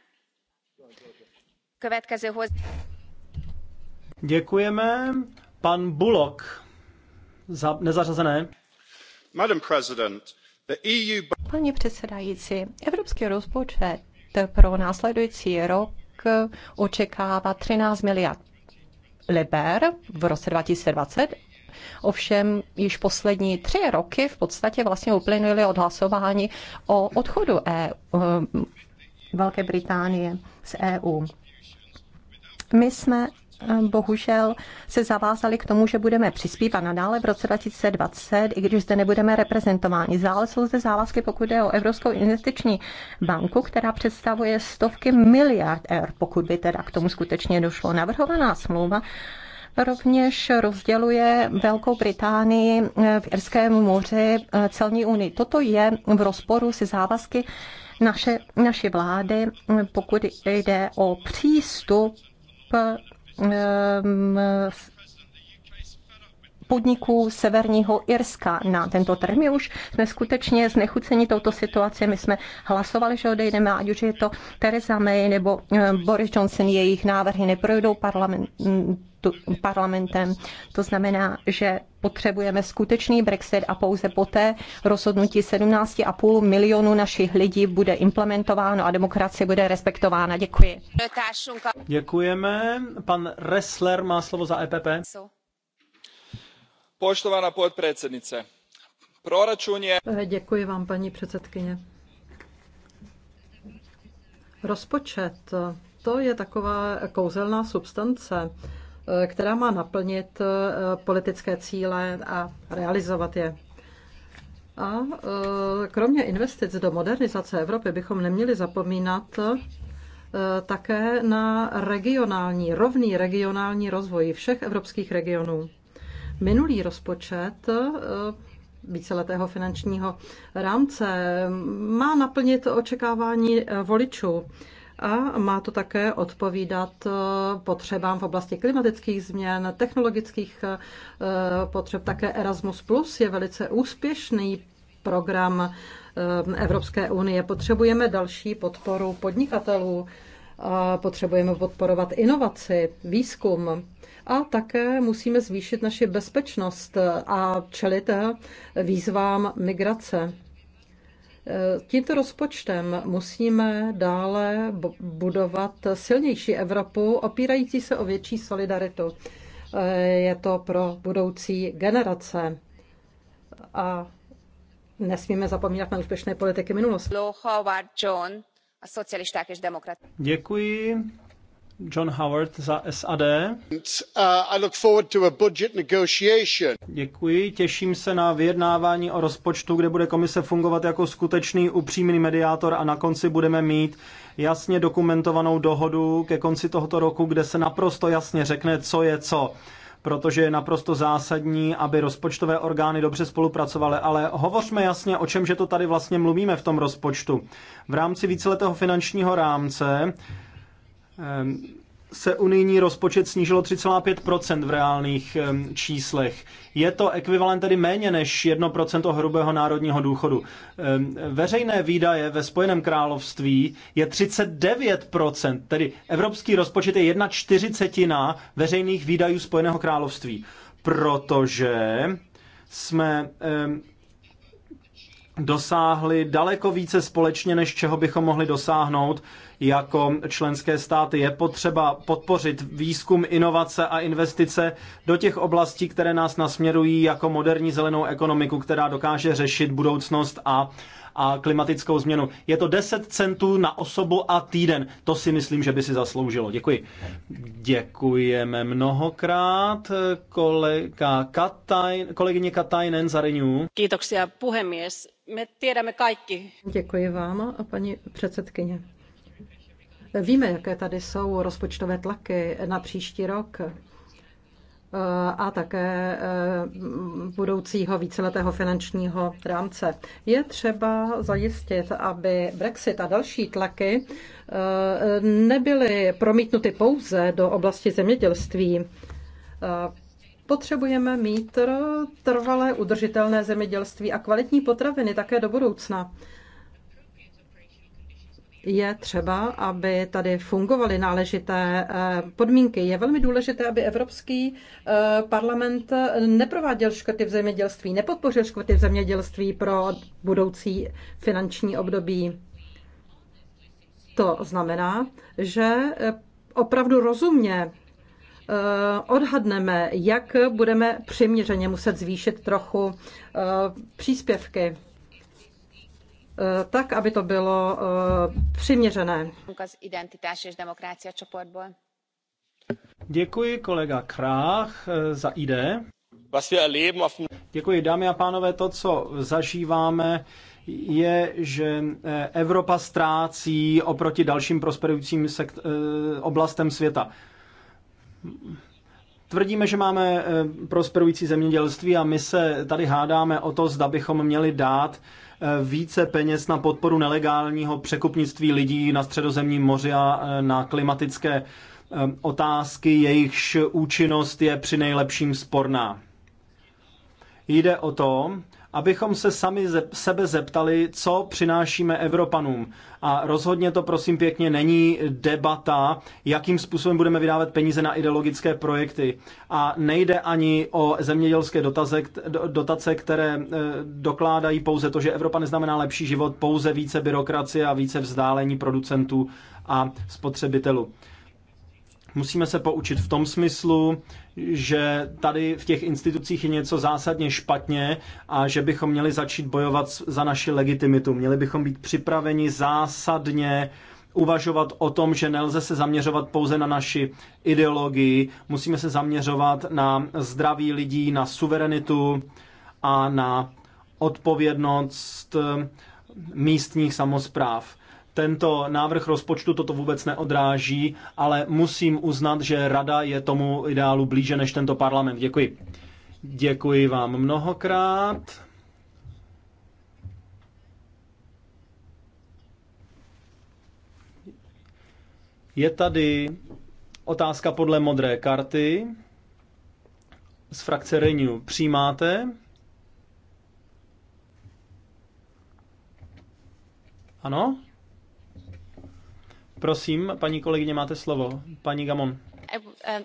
Děkujeme. Pan Bullock za nezařazené. Madam President, EU... E Paní předsedající, evropský rozpočet pro následující rok očekává 13 miliard liber v roce 2020 Ovšem již poslední tři roky v podstatě vlastně uplynuly od hlasování o odchodu EU, eh, Velké Británie z EU. My jsme eh, bohužel se zavázali k tomu, že budeme přispívat nadále v roce 2020, i když zde nebudeme reprezentováni. Zále jsou zde závazky, pokud jde o Evropskou investiční banku, která představuje stovky miliard eur, pokud by teda k tomu skutečně došlo. Navrhovaná smlouva rovněž rozděluje Velkou Británii eh, v Irském moři eh, celní unii. Toto je v rozporu se závazky naše, naše vlády, pokud jde o přístup v podniků Severního Irska na tento trh. My už jsme skutečně znechuceni touto situací. My jsme hlasovali, že odejdeme, ať už je to Theresa May nebo eh, Boris Johnson, jejich návrhy neprojdou parlament, parlamentem. To znamená, že potřebujeme skutečný Brexit a pouze poté rozhodnutí 17,5 milionů našich lidí bude implementováno a demokracie bude respektována. Děkuji. Děkujeme. Pan Ressler má slovo za EPP poštovana podpredsednice proračun je. Eh, děkuji vám, paní předsedkyně. Rozpočet to je taková kouzelná substance, eh, která má naplnit eh, politické cíle a realizovat je. A kromě investic do modernizace Evropy bychom neměli zapomínat také na regionální, rovný regionální rozvoj všech evropských regionů. Minulý rozpočet eh, víceletého finančního rámce má naplnit očekávání eh, voličů a má to také odpovídat eh, potřebám v oblasti klimatických změn, technologických potřeb. Také Erasmus Plus je velice úspěšný program Evropské unie. Potřebujeme další podporu podnikatelů a potřebujeme podporovat inovaci, výzkum a také musíme zvýšit naši bezpečnost a čelit výzvám migrace. Tímto rozpočtem musíme dále budovat silnější Evropu, opírající se o větší solidaritu. Je to pro budoucí generace. A nesmíme zapomínat na úspěšné politiky minulosti a és demokraták. Děkuji. John Howard za SAD. Uh, Děkuji, těším se na vyjednávání o rozpočtu, kde bude komise fungovat jako skutečný upřímný mediátor a na konci budeme mít jasně dokumentovanou dohodu ke konci tohoto roku, kde se naprosto jasně řekne, co je co protože je naprosto zásadní, aby rozpočtové orgány dobře spolupracovaly. Ale hovořme jasně, o čem že to tady vlastně mluvíme v tom rozpočtu. V rámci víceletého finančního rámce se unijní rozpočet snížilo 3,5% v reálných číslech. Je to ekvivalent tedy méně než 1% hrubého národního důchodu. Veřejné výdaje ve Spojeném království je 39%, tedy evropský rozpočet je 1 čtyřicetina veřejných výdajů Spojeného království, protože jsme dosáhli daleko více společně, než čeho bychom mohli dosáhnout jako členské státy. Je potřeba podpořit výzkum, inovace a investice do těch oblastí, které nás nasměrují jako moderní zelenou ekonomiku, která dokáže řešit budoucnost a a klimatickou změnu. Je to 10 centů na osobu a týden. To si myslím, že by si zasloužilo. Děkuji. Děkujeme mnohokrát kolega Katajn, kolegyně Katajnen za Renew. Kiitoksia puhemies. Me tiedämme kaikki. Děkuji vám, a paní předsedkyně. Víme, jaké tady jsou rozpočtové tlaky na příští rok eh, a také eh, budoucího víceletého finančního rámce. Je třeba zajistit, aby Brexit a další tlaky eh, nebyly promítnuty pouze do oblasti zemědělství. Potřebujeme mít trvalé udržitelné zemědělství a kvalitní potraviny také do budoucna je třeba, aby tady fungovaly náležité eh, podmínky. Je velmi důležité, aby Evropský eh, parlament neprováděl škrty v zemědělství, nepodpořil škrty v zemědělství pro budoucí finanční období. To znamená, že eh, opravdu rozumně odhadneme, jak budeme přiměřeně muset zvýšit trochu příspěvky Eh, tak, aby to bylo eh, přiměřené. Děkuji kolega Krách eh, za ID. Děkuji, dámy a pánové, to, co zažíváme, je, že Evropa ztrácí oproti dalším prosperujícím oblastem světa. Tvrdíme, že máme prosperující zemědělství a my se tady hádáme o to, zda bychom měli dát více peněz na podporu nelegálního překupnictví lidí na středozemním moři a e, na klimatické e, otázky, jejichž účinnost je při nejlepším sporná. Jde o to, abychom se sami ze, sebe zeptali, co přinášíme Evropanům. A rozhodně to, prosím pěkně, není debata, jakým způsobem budeme vydávat peníze na ideologické projekty. A nejde ani o zemědělské dotaze, dotace, které eh, dokládají pouze to, že Evropa neznamená lepší život, pouze více byrokracie a více vzdálení producentů a spotřebitelů. Musíme se poučit v tom smyslu, že tady v těch institucích je něco zásadně špatně a že bychom měli začít bojovat za naši legitimitu. Měli bychom být připraveni zásadně uvažovat o tom, že nelze se zaměřovat pouze na naši ideologii, musíme se zaměřovat na zdraví lidí, na suverenitu a na odpovědnost místních samozpráv tento návrh rozpočtu toto vůbec neodráží, ale musím uznat, že rada je tomu ideálu blíže než tento parlament. Děkuji. Děkuji vám mnohokrát. Je tady otázka podle modré karty z frakce Renew. Přijímáte? Ano? Prosím, paní kolegyně, máte slovo. Paní Gamon. E,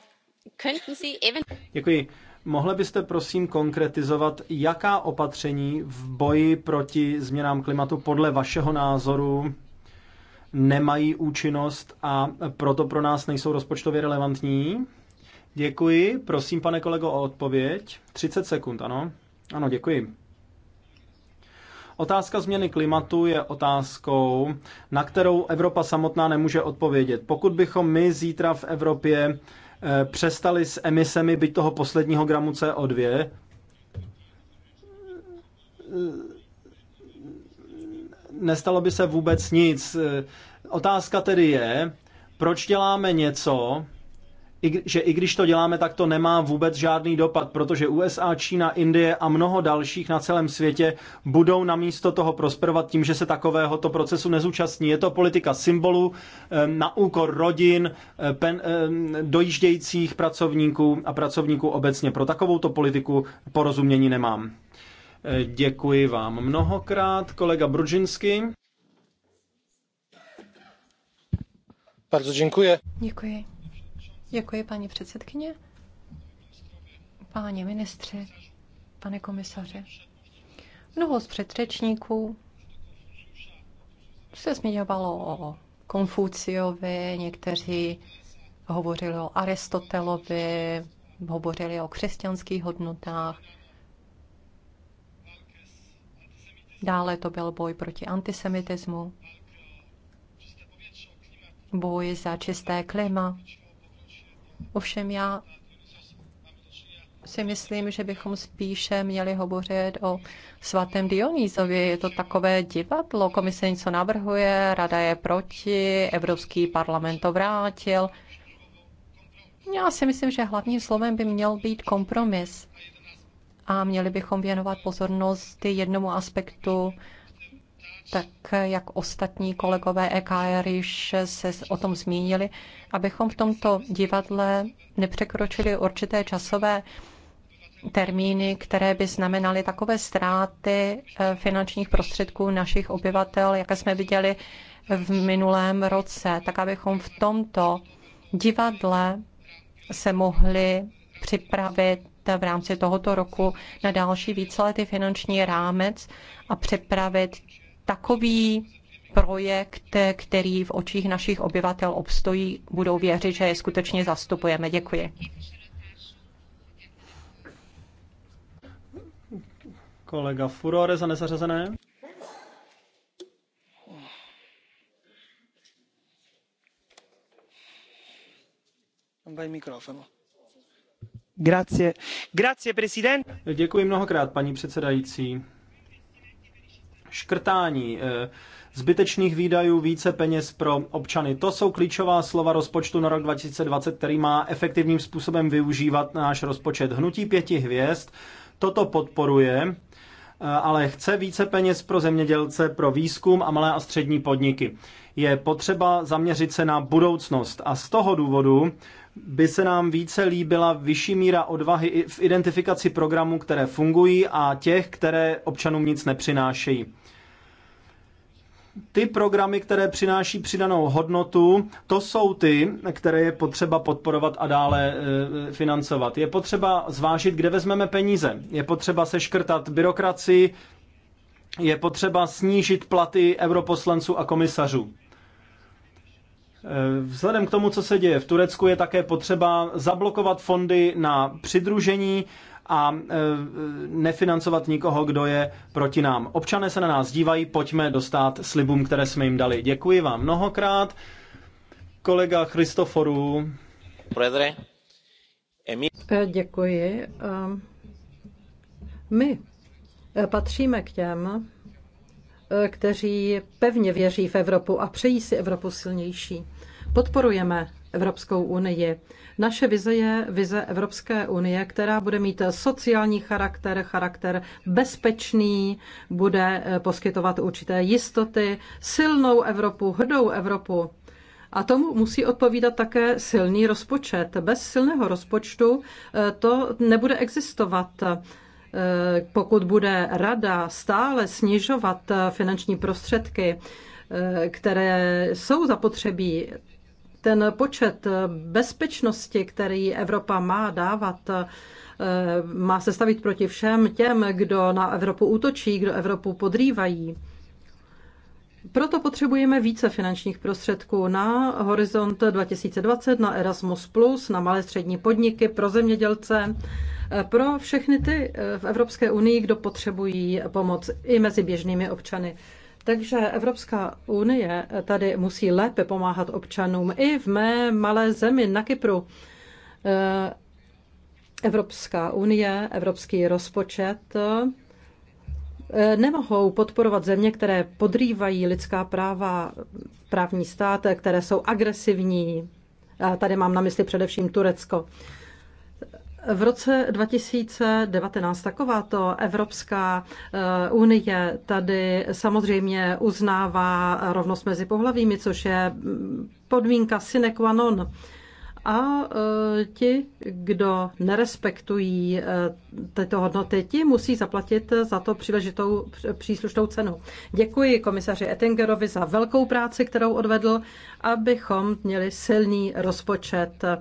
děkuji. Mohli byste prosím konkretizovat, jaká opatření v boji proti změnám klimatu podle vašeho názoru nemají účinnost a proto pro nás nejsou rozpočtově relevantní? Děkuji. Prosím, pane kolego, o odpověď. 30 sekund, ano? Ano, děkuji. Otázka změny klimatu je otázkou, na kterou Evropa samotná nemůže odpovědět. Pokud bychom my zítra v Evropě eh, přestali s emisemi byť toho posledního gramu CO2, eh, nestalo by se vůbec nic. Eh, otázka tedy je, proč děláme něco, že i když to děláme, tak to nemá vůbec žádný dopad, protože USA, Čína, Indie a mnoho dalších na celém světě budou namísto toho prosperovat tím, že se takovéhoto procesu nezúčastní. Je to politika symbolů na úkor rodin, eh, pen, dojíždějících pracovníků a pracovníků obecně. Pro takovouto politiku porozumění nemám. Eh, děkuji vám mnohokrát, kolega Brudžinsky. Bardzo dziękuję. Děkuji. Děkuji, paní předsedkyně. Páni ministři, pane komisaři, mnoho z předřečníků se zmiňovalo o Konfuciovi, někteří hovořili o Aristotelovi, hovořili o křesťanských hodnotách. Dále to byl boj proti antisemitismu, boj za čisté klima, Ovšem já si myslím, že bychom spíše měli hovořit o svatém Dionýzovi. Je to takové divadlo, komise něco navrhuje, rada je proti, Evropský parlament to vrátil. Já si myslím, že hlavním slovem by měl být kompromis. A měli bychom věnovat pozornost jednomu aspektu tak jak ostatní kolegové EKR již se o tom zmínili, abychom v tomto divadle nepřekročili určité časové termíny, které by znamenaly takové ztráty eh, finančních prostředků našich obyvatel, jaké jsme viděli v minulém roce, tak abychom v tomto divadle se mohli připravit v rámci tohoto roku na další víceletý finanční rámec a připravit takový projekt, který v očích našich obyvatel obstojí, budou věřit, že je skutečně zastupujeme. Děkuji. Kolega Furore za nezařazené. Grazie. Grazie, Děkuji mnohokrát, paní předsedající škrtání, eh, zbytečných výdajů, více peněz pro občany. To jsou klíčová slova rozpočtu na rok 2020, který má efektivním způsobem využívat náš rozpočet. Hnutí pěti hvězd toto podporuje, eh, ale chce více peněz pro zemědělce, pro výzkum a malé a střední podniky. Je potřeba zaměřit se na budoucnost a z toho důvodu by se nám více líbila vyšší míra odvahy v identifikaci programů, které fungují a těch, které občanům nic nepřinášejí ty programy, které přináší přidanou hodnotu, to jsou ty, které je potřeba podporovat a dále e, financovat. Je potřeba zvážit, kde vezmeme peníze. Je potřeba seškrtat byrokracii, je potřeba snížit platy europoslanců a komisařů. E, vzhledem k tomu, co se děje v Turecku, je také potřeba zablokovat fondy na přidružení a e, nefinancovat nikoho, kdo je proti nám. Občané se na nás dívají, pojďme dostat slibům, které jsme jim dali. Děkuji vám mnohokrát. Kolega Christoforu. E, děkuji. E, my patříme k těm, kteří pevně věří v Evropu a přejí si Evropu silnější. Podporujeme Evropskou unii. Naše vize je vize Evropské unie, která bude mít sociální charakter, charakter bezpečný, bude eh, poskytovat určité jistoty, silnou Evropu, hrdou Evropu. A tomu musí odpovídat také silný rozpočet. Bez silného rozpočtu eh, to nebude existovat eh, pokud bude rada stále snižovat finanční prostředky, které jsou zapotřebí, ten počet bezpečnosti, který Evropa má dávat, eh, má se stavit proti všem těm, kdo na Evropu útočí, kdo Evropu podrývají. Proto potřebujeme více finančních prostředků na Horizont 2020, na Erasmus+, na malé střední podniky, pro zemědělce, eh, pro všechny ty eh, v Evropské unii, kdo potřebují pomoc i mezi běžnými občany. Takže Evropská unie tady musí lépe pomáhat občanům. I v mé malé zemi na Kypru eh, Evropská unie, evropský rozpočet eh, nemohou podporovat země, které podrývají lidská práva, právní stát, které jsou agresivní. Tady mám na mysli především Turecko v roce 2019 takováto Evropská eh, unie tady samozřejmě uznává rovnost mezi pohlavími, což je mm, podmínka sine qua non a e, ti, kdo nerespektují e, tyto hodnoty, ti musí zaplatit za to příležitou příslušnou cenu. Děkuji komisaři Ettingerovi za velkou práci, kterou odvedl, abychom měli silný rozpočet. E,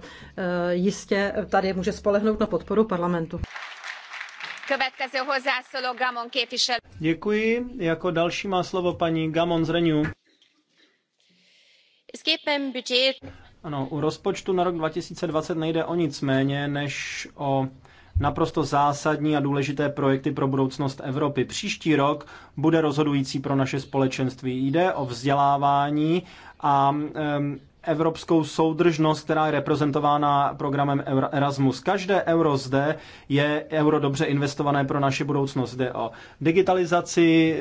jistě tady může spolehnout na podporu parlamentu. Děkuji. Jako další má slovo paní Gamon z Renew. Ano, u rozpočtu na rok 2020 nejde o nic méně než o naprosto zásadní a důležité projekty pro budoucnost Evropy. Příští rok bude rozhodující pro naše společenství. Jde o vzdělávání a evropskou soudržnost, která je reprezentována programem Erasmus. Každé euro zde je euro dobře investované pro naši budoucnost. Jde o digitalizaci,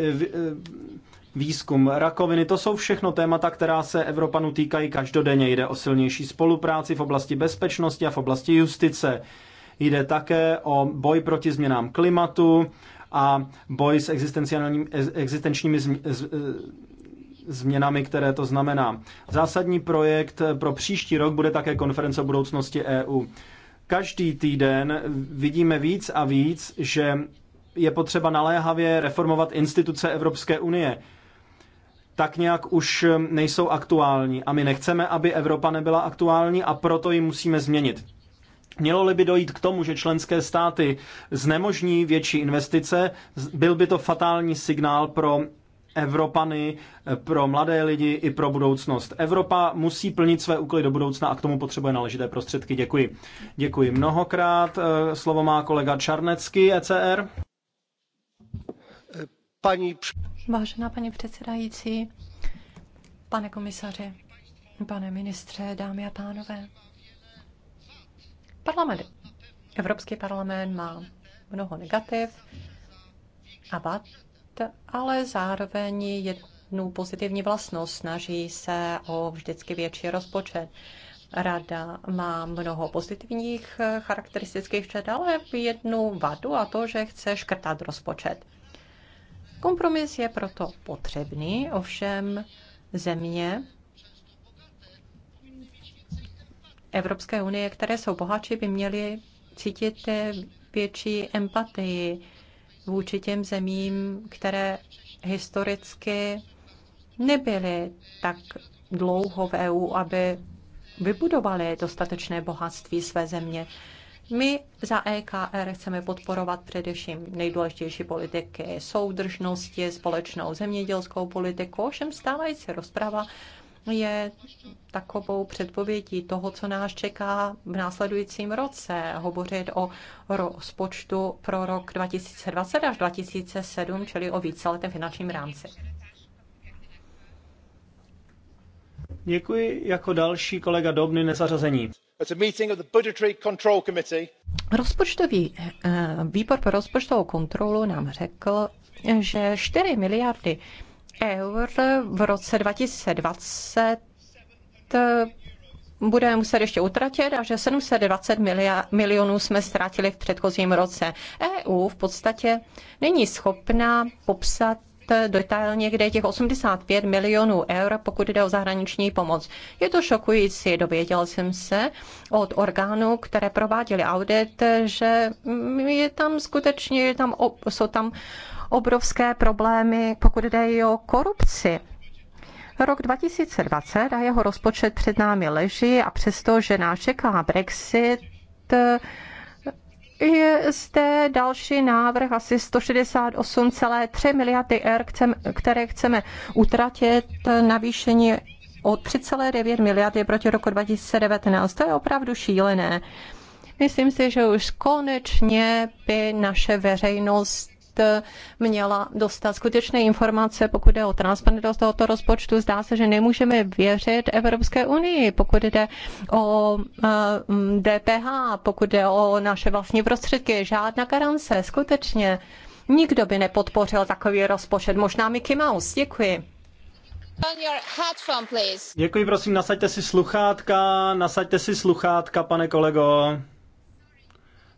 výzkum rakoviny. To jsou všechno témata, která se Evropanu týkají každodenně. Jde o silnější spolupráci v oblasti bezpečnosti a v oblasti justice. Jde také o boj proti změnám klimatu a boj s existenčními e, změnami, které to znamená. Zásadní projekt pro příští rok bude také konference o budoucnosti EU. Každý týden vidíme víc a víc, že je potřeba naléhavě reformovat instituce Evropské unie tak nějak už eh, nejsou aktuální. A my nechceme, aby Evropa nebyla aktuální a proto ji musíme změnit. Mělo-li by dojít k tomu, že členské státy znemožní větší investice, byl by to fatální signál pro Evropany, eh, pro mladé lidi i pro budoucnost. Evropa musí plnit své úkoly do budoucna a k tomu potřebuje náležité prostředky. Děkuji. Děkuji mnohokrát. Eh, slovo má kolega Čarnecký, ECR. Paní Vážená paní předsedající, pane komisaři, pane ministře, dámy a pánové. Parlament. Evropský parlament má mnoho negativ a vad, ale zároveň jednu pozitivní vlastnost. Snaží se o vždycky větší rozpočet. Rada má mnoho pozitivních charakteristických čet, ale jednu vadu a to, že chce škrtat rozpočet. Kompromis je proto potřebný, ovšem země Evropské unie, které jsou bohatší, by měly cítit eh, větší empatii vůči těm zemím, které historicky nebyly tak dlouho v EU, aby vybudovali dostatečné bohatství své země. My za EKR chceme podporovat především nejdůležitější politiky soudržnosti, společnou zemědělskou politiku, ovšem stávající rozprava je takovou předpovědí toho, co nás čeká v následujícím roce. Hovořit o rozpočtu pro rok 2020 až 2007, čili o víceletém finančním rámci. Děkuji. Jako další kolega Dobny nezařazení. Rozpočtový eh, výbor pro rozpočtovou kontrolu nám řekl, že 4 miliardy eur v roce 2020 eh, budeme muset ještě utratit a že 720 milionů jsme ztratili v předchozím roce. EU v podstatě není schopná popsat detailně, kde je těch 85 milionů eur, pokud jde o zahraniční pomoc. Je to šokující, dověděl jsem se od orgánů, které prováděly audit, že mm, je tam skutečně, je tam, jsou tam obrovské problémy, pokud jde i o korupci. Rok 2020 a jeho rozpočet před námi leží a přesto, že nás čeká Brexit, je zde další návrh asi 168,3 miliardy R, které chceme utratit na výšení o 3,9 miliardy proti roku 2019. To je opravdu šílené. Myslím si, že už konečně by naše veřejnost Eh, měla dostat skutečné informace, pokud jde o transparentnost tohoto rozpočtu. Zdá se, že nemůžeme věřit Evropské unii, pokud jde o DPH, eh, pokud jde o naše vlastní prostředky. Žádná garance, skutečně. Nikdo by nepodpořil takový rozpočet, možná Mickey Mouse. Děkuji. Děkuji, prosím, nasaďte si sluchátka, nasaďte si sluchátka, pane kolego.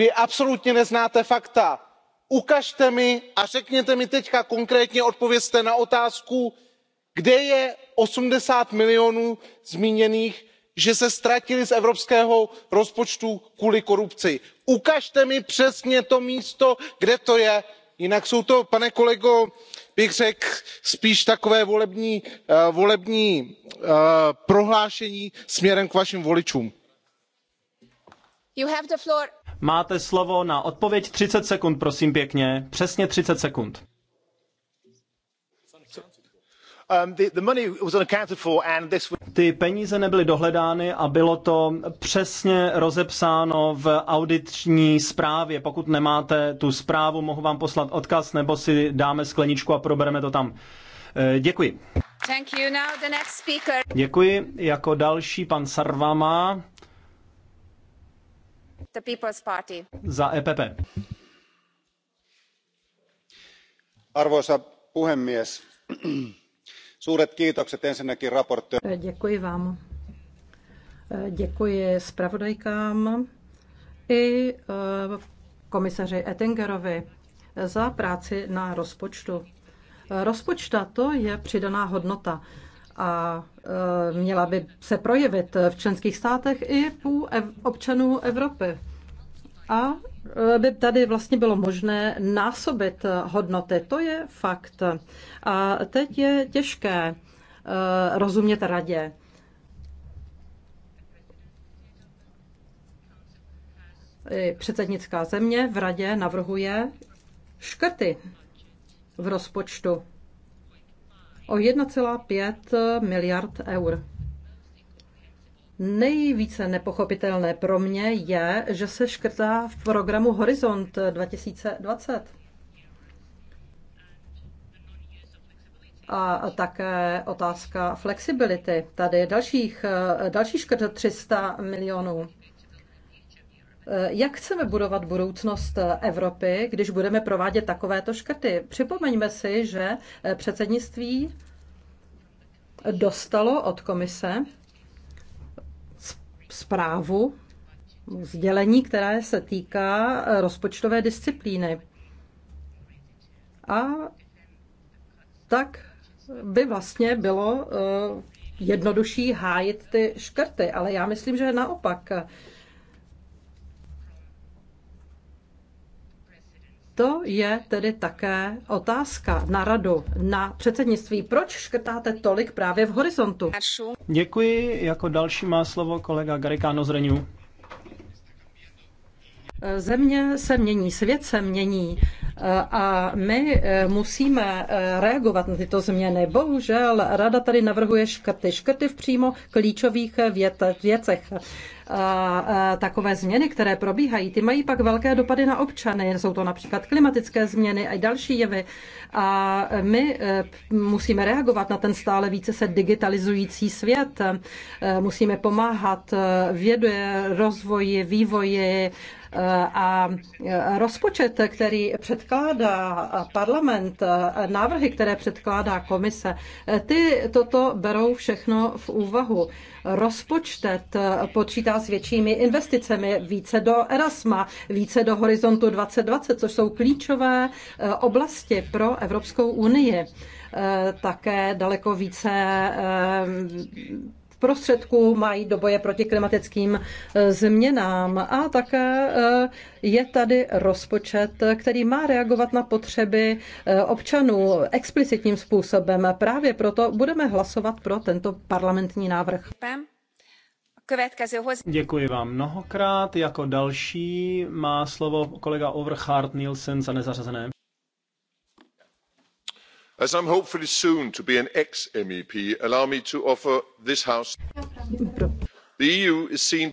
vy absolutně neznáte fakta. ukažte mi a řekněte mi teď konkrétně odpovězte na otázku kde je osmdesát milionů zmíněných že se ztratily z evropského rozpočtu kvůli korupci. ukažte mi přesně to místo kde to je jinak jsou to pane kolego bych řekl spíš taková volební eh, eh, prohlášení směrem k vašim voličům. Máte slovo na odpověď 30 sekund, prosím pěkně. Přesně 30 sekund. Um, Ty peníze nebyly dohledány a bylo to přesně rozepsáno v auditní zprávě. Pokud nemáte tu zprávu, mohu vám poslat odkaz, nebo si dáme skleničku a probereme to tam. Eh, děkuji. Děkuji. Jako další pan Sarvama the People's Party. Za EPP. Arvoisa puhemies, suuret kiitokset ensinnäkin raporttöön. Eh, děkuji vám. Eh, děkuji zpravodajkám i eh, komisaři Ettingerovi za práci na rozpočtu. Rozpočta to je přidaná hodnota a e, měla by se projevit v členských státech i u občanů Evropy. A e, by tady vlastně bylo možné násobit hodnoty. To je fakt. A teď je těžké e, rozumět radě. Předsednická země v radě navrhuje škrty v rozpočtu o 1,5 miliard eur. Nejvíce nepochopitelné pro mě je, že se škrtá v programu Horizont 2020. A také otázka flexibility. Tady dalších, další škrt 300 milionů. Eh, jak chceme budovat budoucnost Evropy, když budeme provádět takovéto škrty? Připomeňme si, že eh, předsednictví dostalo od komise zprávu, sdělení, které se týká eh, rozpočtové disciplíny. A tak by vlastně bylo jednodušší hájit ty škrty, ale já myslím, že naopak To je tedy také otázka na radu, na předsednictví. Proč škrtáte tolik právě v horizontu? Děkuji. Jako další má slovo kolega Garikáno Zreňů. Země se mění, svět se mění a my eh, musíme eh, reagovat na tyto změny. Bohužel rada tady navrhuje škrty. Škrty v přímo klíčových eh, vět, věcech. A takové změny, které probíhají, ty mají pak velké dopady na občany. Jsou to například klimatické změny a další jevy. A my musíme reagovat na ten stále více se digitalizující svět. Musíme pomáhat vědě, rozvoji, vývoji a rozpočet, který před předkládá parlament, eh, návrhy, které předkládá komise, eh, ty toto berou všechno v úvahu. Rozpočtet eh, počítá s většími investicemi, více do Erasma, více do Horizontu 2020, což jsou klíčové oblasti pro Evropskou unii. Také daleko více prostředků mají do boje proti klimatickým e, změnám. A také e, je tady rozpočet, který má reagovat na potřeby e, občanů explicitním způsobem. Právě proto budeme hlasovat pro tento parlamentní návrh. Děkuji vám mnohokrát. Jako další má slovo kolega Overhard Nielsen za nezařazené as i'm hopefully soon to be an ex mep allow me to offer this house the eu is seen.